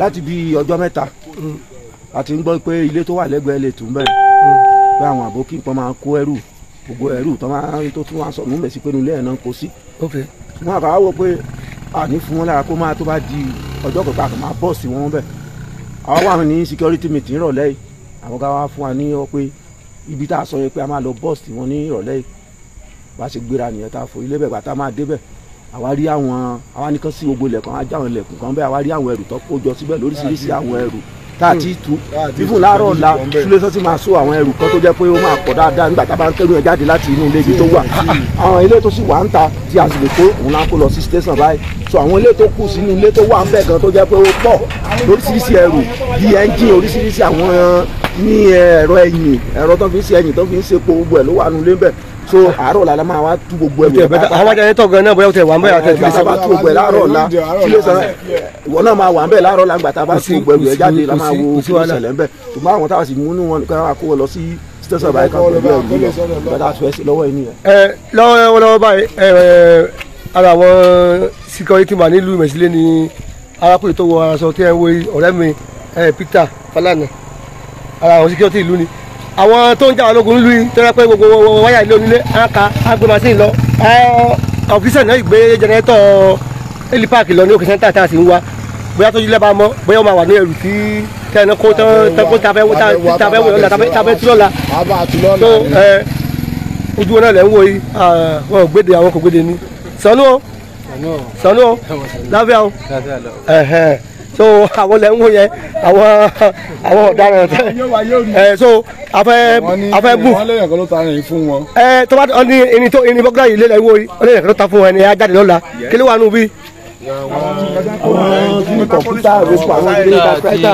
láti bi ọjọ́ mẹ́ta àti mm. ń gbọ́ pé ilé tó wà lẹ́gbẹ̀ẹ́ lè tún bẹ̀rẹ̀ pé àwọn àbókí nǹkan máa kó ẹrù gbogbo ẹrù tó máa ń tó tún wá sọ̀rọ̀ ń bẹ̀ sí pé nílé ẹ̀ náà kó sí. wọn àgbà wọ pé àní fún wọn lára kó máa tó bá di ọjọ́ kẹta àkàmá bọ̀ sí wọn bẹ̀. àwọn wà ní security meeting ìrọ̀lẹ́ yìí àwọn ká wá fún wa ní ọ pé ibi tá a sọ yẹn pé a máa lọ bọ́ọ̀sì wọn ní ìrọ̀lẹ́ yìí bá a ṣe gbéra nìyẹn tá a fò ilé bẹ̀ gbà tá a máa dé bẹ̀ àwa rí àwọn àwa nìkan sí gbogbo ilẹ̀kùn àwa já àwọn ilẹ̀kùn kan bẹ́ẹ̀ àwa àwọn ẹrù tó kó síbẹ̀ lóríṣiríṣi àwọn ẹrù tá a hmm. ti tu fífún láàárọ̀ la sulesan ti máa so àwọn ẹrù kan tó jẹ́ pé ó máa pọ̀ dáadáa nígbà tá a bá ń kẹ́rù ẹ̀ jáde láti inú ilé ibi tó wà hmm. Hmm. àwọn ilé tó sì wà ń ta tí a sì lè kó òun náà kó lọ sí station báyìí so àwọn ilé tó kù sínú ilé tó wà ń bẹ̀ gan tó jẹ́ pé ó pọ̀ lóríṣiríṣi ẹrù bíi ẹ́ńjìn oríṣiríṣi àwọn eh, ní eh, ẹ̀rọ ẹ̀yìn ẹ̀rọ tó fi ń ṣe ẹ̀yìn tó fi ń ṣe epo gbogbo ẹ̀ ló wà nulẹ̀ bẹ́ẹ̀ so àárọ̀ la la máa wá tú gbogbo ẹ̀ wò. àwọn wájà yẹn tọ̀ gan náà bóyá o tẹ wà ń bẹ̀ àti ìfilẹ̀ sábà tú gbogbo ẹ̀ láàárọ̀ la kílẹ̀ sàn ìwọ náà máa wà ń bẹ̀ láàárọ̀ la gbà tá a bá tú gbogbo ẹ̀ wò ẹ̀ jáde la máa wo kílẹ̀ sẹ̀lẹ̀ ń bẹ̀ ṣùgbọ́n àwọn táwa sì mú ní wọn ká kó wọn lọ sí sítẹ́sán báyìí kan pẹ̀lú ẹ̀rù lílọ bàtà tó ẹ̀ sí lọ́wọ́ ẹ̀ nìyẹn. ẹ lọ́wọ́lọ́wọ́ báyìí ẹ ẹ ara àwọn security man nílùú ìmẹ̀sílẹ̀ ni arákùnrin tó wọ aṣọ tí ẹ wo ọ̀rẹ́ mi Peter Falana ara àwọn security ìlú ni àwọn tó ń jà ológun lu tó rẹ pé gbogbo wáyà ilé onílé á ka á gbé machine lọ ọ̀fíìsà náà ìgbé jẹnẹrétọ̀ helipaaki lọ ní òkè sẹ́ńtà tá a sì ń wá bóyá tójú lẹ́bàá mọ́ bóyá ó máa wà ní ẹrù tí tẹ́ẹ̀nà kó tán kó tabẹ́ wọ̀ lọ́la tabẹ́ tú lọ́la tó ojú wọn náà lẹ́ ń wo yìí wọn ò gbéde àwọn kò gbéde ní sànú o sànú o láfíà o so àwọn lẹ ń wò yẹn àwọn àwọn ọ̀daràn ẹ so afẹ afẹ bù. ẹ tọ́ba ní irin tó irin bọ́gá yìí lé lẹ́yìn wo yìí ó lẹ́yìn kan ló ta fún ẹni ajá de lọ́la kí ló wà nù bí àwọn kíni kọ̀mpútà rẹ̀pọ̀ àwọn ilé ìdàkẹ́tà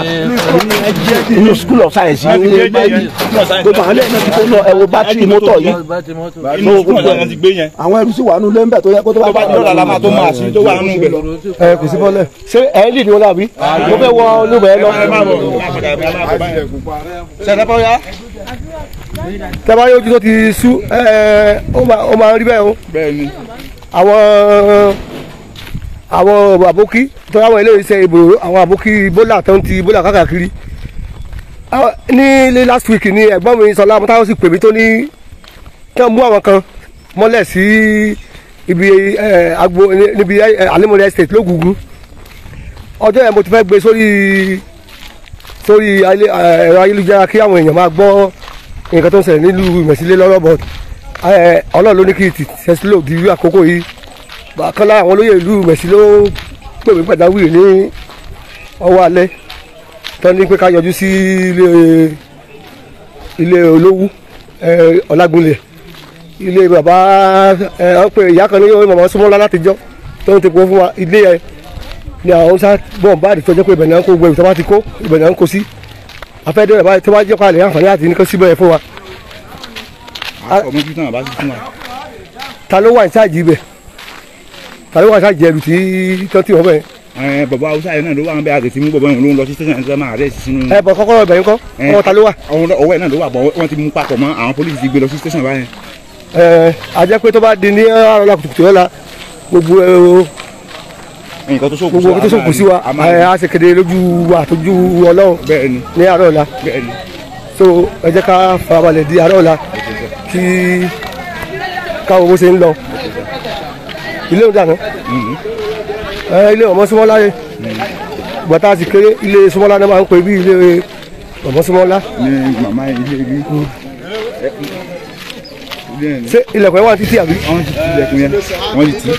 inú school of science yìí ní báyìí gbogbo àwọn ẹlẹ́yìn náà ti kó ẹ̀wò bátìrì mọ́tọ̀ yìí inú school of science ti gbé yẹn. àwọn ẹrú sì wà nù lẹ́ńbẹ̀ tó yẹ kó tó bá dé ọ̀la la máa tó máa sí tó wà nù bẹ̀. ẹ kò sí bọ́lẹ̀. ṣé ẹ lè ní ọlá bí mo fẹ́ wọ olúbẹ̀ ẹ lọ. tẹ́lá yóò ju tó ti sú ó máa rí bẹ́ẹ̀ o àwọn àwọn àbókí tó àwọn ilé iṣẹ́ ìbò àwọn àbókí bólà tó ń ti bólà káàkiri ní last week ni ẹ̀gbọ́n mi sọlá amútáwọ́ sì pè mí tó ní kí wọ́n mú àwọn kan mọ́lẹ̀ sí ibi agbo níbi alimori estate lógungun ọjọ́ yẹn mo ti fẹ́ gbé sórí sórí ẹ̀rọ ayélujára kí àwọn èèyàn máa gbọ́ nǹkan tó ń ṣẹlẹ̀ nílùú ìmẹ̀sílẹ̀ lọ́rọ̀ bọ̀ ọlọ́run ló ní kí ìtì ṣẹ́sílò di àkókò yìí bàkánlá àwọn olóyè ìlú mẹ̀sí ló pè mí pàjáwìrì ní ọwọ́ alẹ́ tán ní pé ká yọjú sí ilé ilé olówú ọ̀làgúnlẹ̀ ilé bàbá ọ̀pẹ ìyá kan ní màmá súnmọ́lá láti jọ́ tó ń tẹ̀kọ́ fún wa ilé ẹ̀ ni àwọn sá bọ́ọ̀n báàdì tó jẹ́ pé ìbẹ̀rẹ̀ náà kó gbẹ ìtọ́wá ti kó ìbẹ̀rẹ̀ náà kó sí afẹ́dẹ́ rẹ̀ báyìí tó bá jẹ́ pa lè àǹfààní àti nìkan síbẹ̀ fún wa. ta ló wà ní sáàjì ibẹ̀ tàbí wàá ṣàjẹrù tí tọ́tí ọ̀bẹ yẹn bàbá awusa yẹn náà ló wà ń bẹ àgẹ̀tì mú bàbá yẹn ló ń lọ sí tẹ̀sán ẹ̀sán máa rẹ̀ sínú. ẹ bọ kọ́kọ́rọ́ ibẹ̀ yín kọ́ ọwọ́ ta ló wà. ọwọ́ ẹ̀ náà ló wà bọ̀ wọ́n ti mú papọ̀ mọ́ àwọn pólísì ti gbé lọ sí tẹ̀sán báyẹn. ẹ ajẹ́ pé tó bá di ní arọ́lá kùtùkùtù ọ̀la gbogbo gbogbo tó sọ̀kù sí wa a sì kéde lójú wa àtọ́jú ọlọ́run ní arọ́lá so ẹ jẹ́ ká farabalẹ̀ di arọ́lá kí káwọn ilé òun dànù ilé ọmọ súnmọ́lá yẹ gbọ́tà sì kéré ilé súnmọ́lá náà máa ń pè bí ilé ọmọ súnmọ́lá. ní màmá ilé rí ṣe ilẹ̀kùn yẹn wà títí àbí. wọ́n ti ti ilẹ̀kùn yẹn wọ́n ti ti.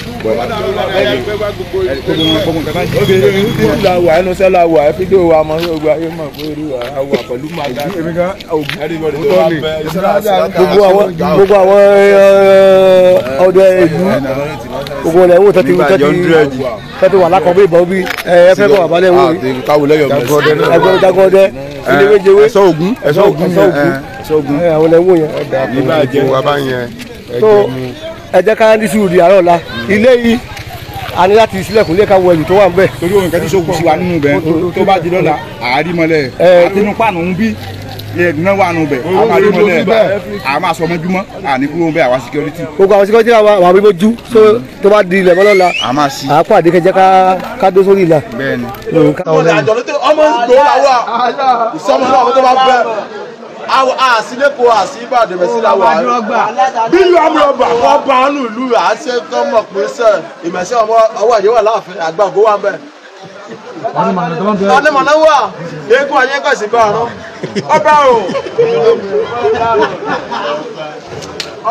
wà á nusẹ́ wà á fi dé wa mọ́ gbogbo ayé mọ̀ pé rí á wà pẹ̀lú màá gbogbo àwọn gbogbo àwọn ọdọ gbogbo ọ̀lẹ̀ ẹ̀wọ̀n tẹ́tí tẹ́tí tẹ́tí wà lákọ̀ọ́ bí ìbọn bí ẹ fẹ́ bọ̀ àbálẹ̀ wò rí ah, jagọdẹ eh, ilé méjèwé ẹ̀sọ́ ògún ẹ̀sọ́ ògún eh. ẹ̀sọ́ ògún eh, àwọn ọ̀lẹ̀ ẹ̀wọ̀n yẹn ọ̀dà ẹ jẹ́ ká ní sùúrù di àárọ̀ la ilé yìí a ní láti sílẹ̀kùn lé ká wọ ẹ̀yìn tó wà ń bẹ̀. torí òun kẹ́tí sókùn sí wa nínú bẹ́ẹ̀ tó bá di lọ́la àárí mọ́lẹ̀ àtinúpànù ń bí ẹ̀gbọ́n wà nù bẹ̀ a máa rí mọ́lẹ̀ a máa sọ mọ́júmọ́ àní kúrò bẹ́ẹ̀ àwa security. gbogbo àwọn security wa wà bí mojú tó bá di ilẹ̀ bọ́lọ́ la a máa sí. àpò àdékẹ́jẹ́ ká dó sórí ìlà. bẹ́ẹ̀ni. ọmọ ìgbòho làwọn ìsọmọ náà tó bá fẹ́ àsìlẹ́kọ̀ àsìbàdàn mẹ́sílá wà bí yóò amúrọ̀bà kọ́ bá a nù lù á ṣe kọ́ mọ̀ pé sẹ́ ìmẹ̀sẹ̀ ọwọ́ ẹ̀yẹ wà láàfin àgbà ògbó wà ń bẹ̀. ọ̀nàmọ̀nà wà eégún ayé kọ̀sí bá a rán ọba o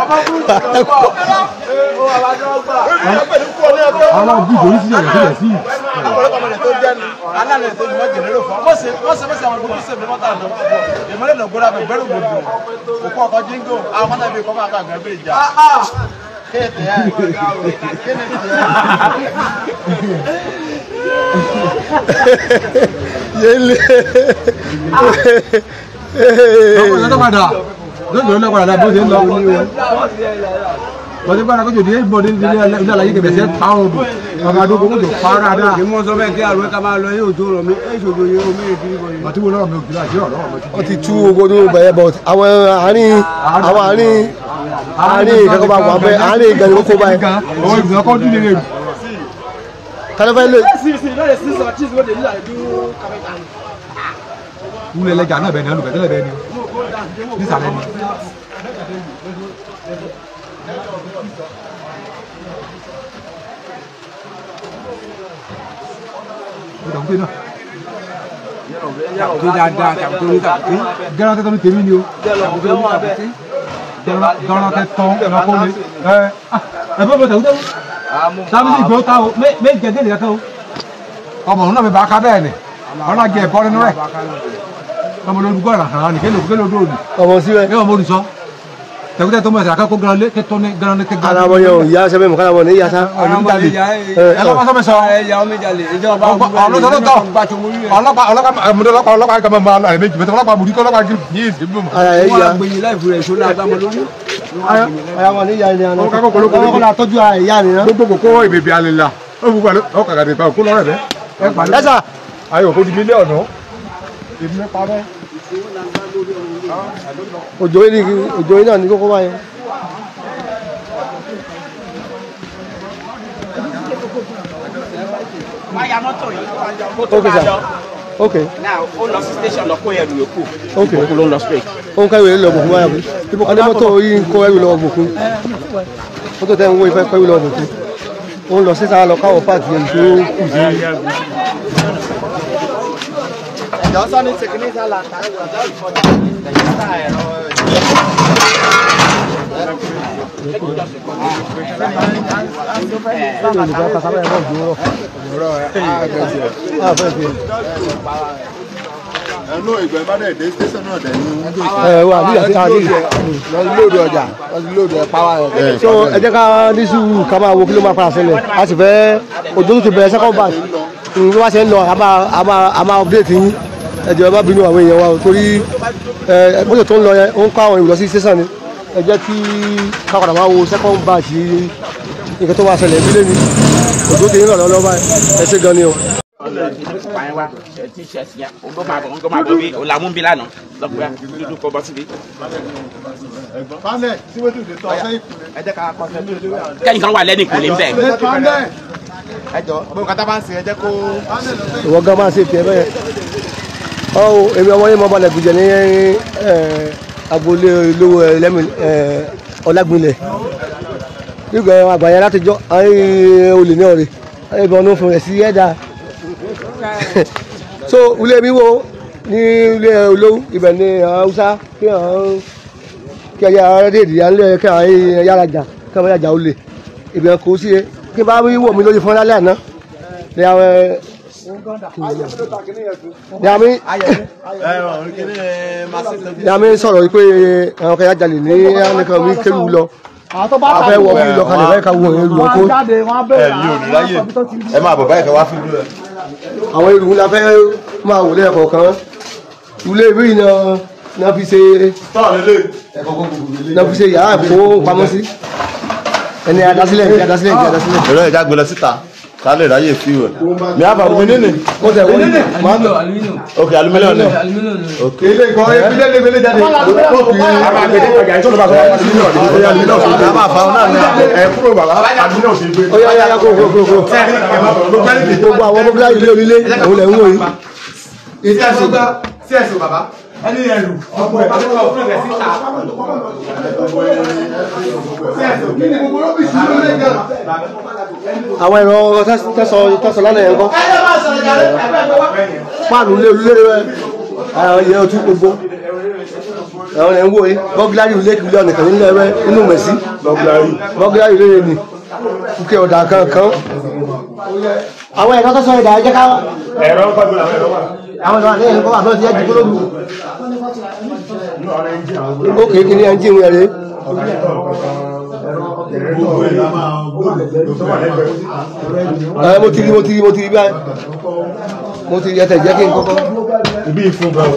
ọba tó ń bọ̀ ó wà lájọ́ ọgbà àwọn gbígbó ní sísè ìrẹsì ìrẹsì. ọ̀pọ̀lọpọ̀ ọmọdé tó jẹ́ ni alálẹ̀ tó jùlọ jẹ̀lẹ̀ ló fọ́ mọ̀sẹ̀ mọ̀sẹ̀ mọ̀sẹ̀ àwọn gbogbo sèfé mọ́tà lọ ìmọ̀lẹ̀ lọ gbọ́dọ̀ bẹ̀rù gbogbo òkú ọkọ̀ jíngò àwọn mọ́tà bíi kọ́ máa ká àgbẹ̀ bíi ìjà kéèké ẹ̀ kéèké ẹ̀ yẹlẹ. ọkùnrin tó padà lọ́dọ̀ ló padà bó ṣe ń lọ. lọ́dọ̀ padà kó jòdì ẹ̀gbọ́n ní ilé alayé kẹfẹ́ ṣe ta ọ̀rùn ọ̀gá àdókò kó jò fara náà. kí wọ́n sọ bẹ́ẹ̀ kí àrùn ẹ̀ka máa lọ yóò tó rọ̀ mí èṣòro yẹn omi ìdílé bọ̀ yìí. bàtí wo lọ́wọ́ mi ò gbìlá àti ọ̀rọ̀ mi. ó ti tú owó tó bẹ̀rẹ̀ bọ̀ àwọn àárín àwọn àárín àárín ìkẹ́kọ̀ọ́ bá wà bẹ́ẹ̀ àárín ìgbàlódé kó báyìí kẹlẹfẹ lè. wúlẹ̀ lẹ́jà náà bẹ̀ ní alùpẹ̀ tẹ́lẹ̀ bẹ̀ ni nísàlẹ̀ ni. ìdàgbò pé náà tàbùtò dáadáa tàbùtò orí tàbùtò gẹ́rán tẹ́tọ́ ní tèmi ni o tàbùtò orí tàbùtò gẹ́rán tẹ́tọ́ ẹ̀rọ kọ́ni ẹ̀ ẹ̀ bẹ́ẹ̀ bẹ́ẹ̀ tàbùtò sábìlì gbé ta o méje gèdè kankan o. ọmọ òun náà mi bá ká bẹ́ẹ̀ ni ọ̀rọ̀ àjẹ ẹ̀kọ́ nínú rẹ̀ ọmọ olódùgbò rà hàn án nìkélo kélo dóòlù. ọmọ síbẹ̀. ẹ ọmọ olùsọ tẹkutẹ tó mọ ẹsẹ akakọ garan lé kẹtọ ní garan lé kẹ garan. alamọ yẹn o ya sẹbẹ mu kalamọ ni yasa olu ta bi ẹ kọ́ masọ́mi sọ. ẹ ya omi jalè ìjọba ọlọ́pàá ọlọ́pàá ọlọ́pàá ọlọ́pàá kama ma ẹ méjì mẹ́ta ọlọ́pàá mùdíkọ ọlọ́pàá kiri yé ìdí mímu. ara yẹ ya gbẹ̀yìn láìpẹ́ rẹ sọlá àgbàmọ lórí. ayamọ ni ya ni ya ni. ọkọ la tọ́jú ara ìyá mi náà. gbogbo kò ìbèbè alẹ́ la ó gbogbo àlọ́ ọkàkà tẹ̀ pa òkú lọ́rẹ̀ bẹ́ẹ̀. ẹ pàdé. ayọ̀ kò di mílíọ̀nù. èmi pa bẹ́ẹ̀ òjò yìí òjò yìí náà ní kókó báyìí. wáyà mọ́tò yìí kó tó bá lọ. ok now ó lọ sí station lọ kó ẹrù yòókù. ok òkú ló ń lọ straight. ó ń káwé lọ bùkún wáyà bí ọdẹ mọ́tò yìí ń kó ẹrù lọ bùkún mọ́tò tẹ́ ń wó ìfẹ́ kó ẹrù lọ bùkún ó ń lọ sí sáà lọ káwọ́ páàkì ẹni tó kù sí. Johnson ni teknisa la ta ta ẹ̀rọ ẹnu ìgbẹ́ bá dẹ̀ dé station náà dẹ̀ ní wúdò. ẹ wà nígbà tí a ní lọ sí lóòdù ọjà lọ sí lóòdù ẹ̀páwá rẹ̀. so ẹ jẹ́ ká ní sùúrù ká máa wo kí ló máa padà sílẹ̀ a sì fẹ́ òjò tó ti bẹ̀rẹ̀ second batch ní wọ́n ṣe ń lọ a máa update yín ẹ̀jẹ̀ bá bínú àwọn èèyàn wa torí mọ́tò tó ń lọ yẹn ó ń kó àwọn èrò lọ sí sẹ́sàn ni ẹ jẹ́ kí kápadà máa wo second batch nǹkan tó máa ṣẹlẹ̀ ìbílẹ̀ mi òjò ti ń rọ̀ lọ́wọ́ báyìí ẹ ṣe gan ni o. kẹ́yìn kan wà lẹ́nu ìkùnlé ń bẹ̀ ẹjọ ọgbọn kata bá ń ṣe ẹjẹ kó. ìwọ gan máa ń ṣe tiẹ̀ bẹ́ẹ̀ ọ́ èmi ọmọ yìí mo balẹ̀ gbìjẹ ní agboolé olówó ẹlẹ́mi ọlágbìnlẹ̀ nígbà àgbàyà látijọ́ olè ní ọ̀rẹ́ ìbọn ló fún rẹ̀ sí ẹ̀dá so ilé mi wo ní ilé olówó ibẹ̀ ní haúsá kí àwọn kí ẹyà rédíèdì yà ń lé kí àwọn yàrá jà kí àwọn yàrá jà olè ibẹ̀ kò sí kí bá wíwò mi lórí fún lálẹ́ àná ní àwọn yàmi sọ̀rọ̀ wípé àwọn eh, kan yà jalè ní ẹnìkan wí kéwù lọ àfẹ́ wọ wí lọ kalẹ̀ báyìí ká wọ ẹ ní òní ẹ máa bọ̀ báyìí ká wá fi lú àwọn èrú la fẹ́ máa wò lẹ́ẹ̀kọ̀ kan ilé ìwé iná náà fi ṣe náà fi ṣe yàrá ìfowópamọ́sí ẹni adásílẹ̀ ẹni adásílẹ̀ ẹni adásílẹ̀. ìrọ̀ ẹ̀já gbé síta ta lè ráyè fuel mi a bàrù mi nínú. o tẹ wọ́n ní mọ́tò ok aluminium ni ok. ilé ìkọ́ ìpínlẹ̀ ní ìpínlẹ̀ jáde kó kì í. a máa gbèdé ọjà ìṣòro bàbá wa sí ìrọ̀lẹ́ ìgbé ya aluminium sí ìgbé. a máa fa ọ̀nà àná ẹ kúrò bàbá aluminium sí ìgbé. ó yá yá kó kó kó kó. gbogbo àwọn gbogbo láyé ilé onílé òun lẹ̀ ń wò yìí. sí ẹ̀sùn bàbá ẹni ẹrù ọ̀pọ̀ ìpàdébọ̀ fún ẹ̀rẹ̀ síta. sí ẹ̀sùn kí ni gbogbo rọ́bì sí ìlú lẹ́gàn àwọn ìran tẹsán tẹsán lánàá yẹn kọ fáànù olúlé rẹ àwọn ojú gbogbo àwọn ẹ̀ ń wòye bọ́gílárì ilé ìpínlẹ̀ ọ̀nà kan nílẹ̀ rẹ mẹ̀sí bọ́gílárì ilé ni kúkẹ́ ọ̀dà kankan àwọn ẹ̀rọ tó sọ ẹ̀jẹ̀ ká. ẹ̀rọ ń pàdé ẹ̀rọ wà. àwọn ẹ̀rọ àlẹ́ ẹ̀kọ́ àbọ̀ ti ẹ̀jẹ̀ gbólógbò. ó kékeré ẹ̀ńjìn rẹ̀ rèé ẹ mo ti rí mo ti rí mo ti báyìí mo ti ẹtẹ jẹ́ kí n kọ́kọ́. ibi ìfún bá o.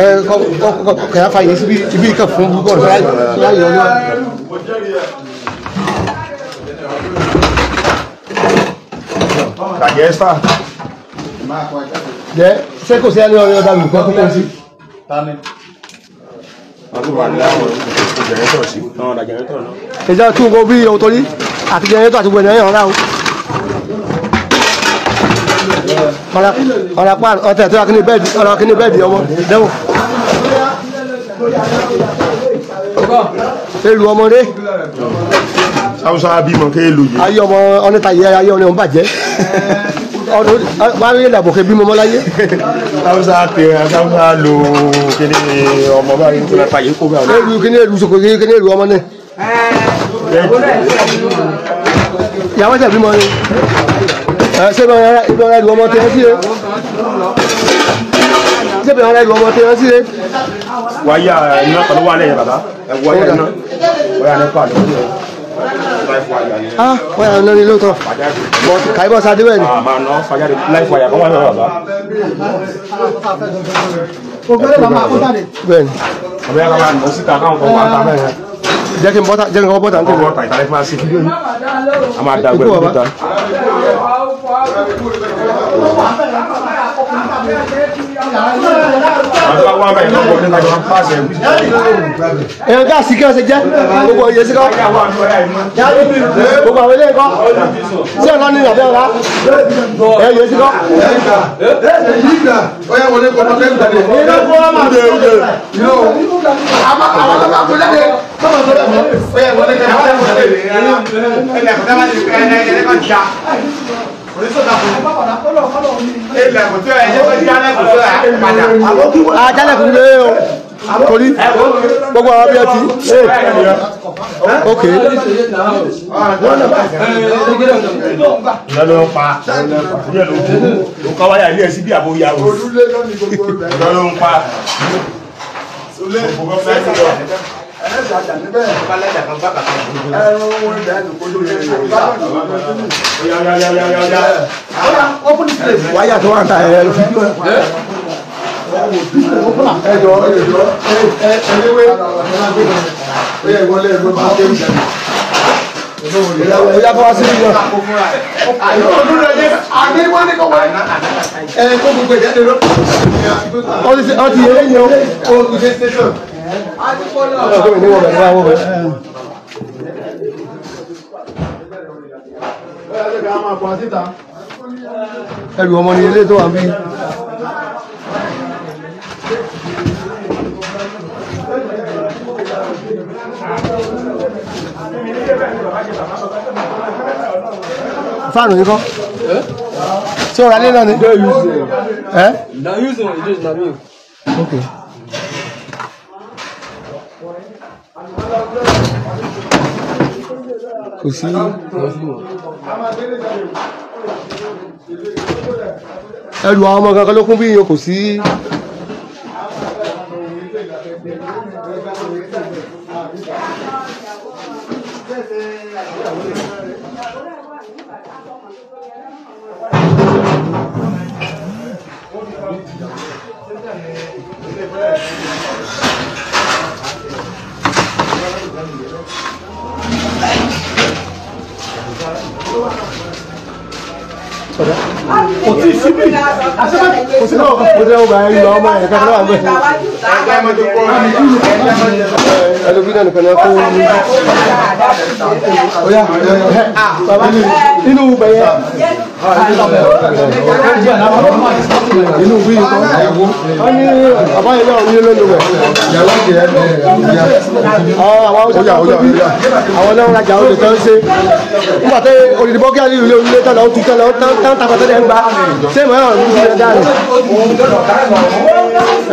ẹ kọ̀ọ̀kan fàyè síbi ibi ìkàn fún gbogbo ọ̀rọ̀ láyé ọjọ́. Dàgẹ́sà. Jẹ́ ṣé kò sí ẹni ọ̀rẹ́ ọ̀dà lùkọ́ tó sí? ẹjọ́ tún kó bí ohun tó àti jẹnẹrétọ̀ àti gbẹ̀nẹ̀ ọ̀rá ọ̀rá pa ọ̀tẹ̀ tó akíní bẹ́ẹ̀dì ọ̀rá bẹ́ẹ̀dì ọmọ dẹ́wọ̀ elu ọmọdé sáwùsá bímọ kéèlú yìí ayé ọmọ ọ̀nẹ́ta yìí ayé ọ̀nẹ́ ọ̀n bàjẹ́ ọdún wàá rí ìdàbò kẹ bímọ mọ́láyé. káwùsà pèrè káwùsà lo kíni ọmọ báyìí tó lọ́ọ́ fàyè kó bá wọn. ẹrù kíni èrú sọkò kíni èrú ọmọ náà. ìyàwó tẹ̀ bímọ ni ṣé ibi ọ̀rá ìlú ọmọ tẹ̀ ẹ́ sí ẹ ṣé ibi ọ̀rá ìlú ọmọ tẹ̀ ẹ́ sí ẹ. wáyà iná kan ló wà lẹ́yìn bàbá ẹ̀ wáyà iná wáyà iná kan ló wà lẹ́yìn ah wọ́n yà lórí lóòótọ́ but kàyébọ̀ sáà débẹ̀ ni. àmà nọ fàjáde láì fàyà kọ́ wà lọ́wọ́ bàbá. bẹ́ẹ̀ni. ọ̀bẹ yàrá máa nọ síta káwọn kan wà á bẹ̀rẹ̀ jẹ́ kí n bọ́tà jẹ́ kí n kọ́ bọ́tà n tẹ̀ wọ́n ìtàlẹ́ fún wa a máa dàgbẹ́ níta èèyàn ká sí kí ọ̀sẹ̀ jẹ́ gbogbo oyè sí kọ́ gbogbo àwọn ilé kọ́ sí ọ̀nà ní ìrọ̀lẹ́ ọ̀la èèyàn yóò sí kọ́. Thank you ajálẹ̀kùn lé o torí gbogbo àwọn bíi ẹtì ok. lọ́lọ́ pa ìyẹn ló kú ló kọ́ wáyà ẹ̀ẹ́dà àjà níbẹ̀. ọ̀pálẹ̀dà kan bá bàbá yìí. ẹ̀rọ ti yẹ ẹyẹ o ọgbọ́n ọmọ ni ilé tó wà bí. fáànù yìí kọ́ tí ó ra náà ni. ẹ. na use one you just na me. okay. kò sí. ẹrù àwọn ọmọ kankan ló kún bí yìí kò sí. kò tí ì síbì àṣẹ́bẹ̀ kò sí náà kò tẹ́ ọgbà ẹ̀ lọ ọmọ ẹ̀ kankan náà gbẹ. ẹlòmí náà nìkan náà kó wọn inú bẹ̀yẹ inú bí nǹkan ẹ̀wọ́ àbáyọ̀lẹ̀ òye ló lò wẹ̀. ìyàwó jẹ ẹ ẹ àwọn ọjà ọjà ọjà àwọn ọlọ́run rajà ó lè tán ṣe nígbà tẹ olùdìbò kí alílù lé onílé tán lọ́wọ́ tún tán lọ́wọ́ tán tàbí tẹ́lẹ̀ ń gba sẹ́mi ọ̀rọ̀ ní ti rẹ̀ dáàrẹ̀.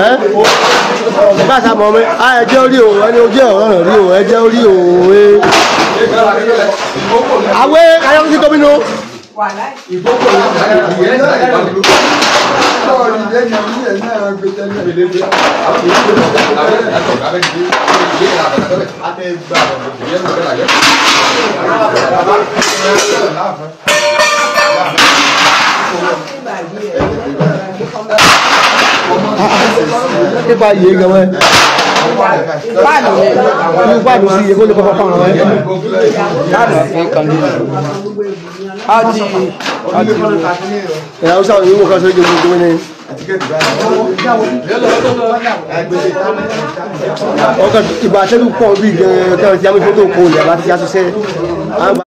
ẹ bá a sá mọ̀ mi a ẹ jẹ́ orí o ẹni ojú ẹ̀ ọ̀rọ̀ rí o ẹ jẹ́ orí o. àwẹ̀ ayọ́kùsí tóbi nù ìgbókò ìyẹn náà ìbàdúró lọ́ọ̀rì lẹ́yìn orí ẹ̀ náà gbẹjẹ́ ní ìlédè àti ìgbókò abẹ́rẹ́ abẹ́rẹ́ Ipa yìí gan mọ́ Ati. Ati. Ẹ Hausa ni wọ́n kà sọ́jọ́ gbogbo ní. Ọkọ̀ ìbàtẹ́lú pọ̀ bí gan-an tí a mú fótó kò lè àbá ti yá sọ́sẹ́.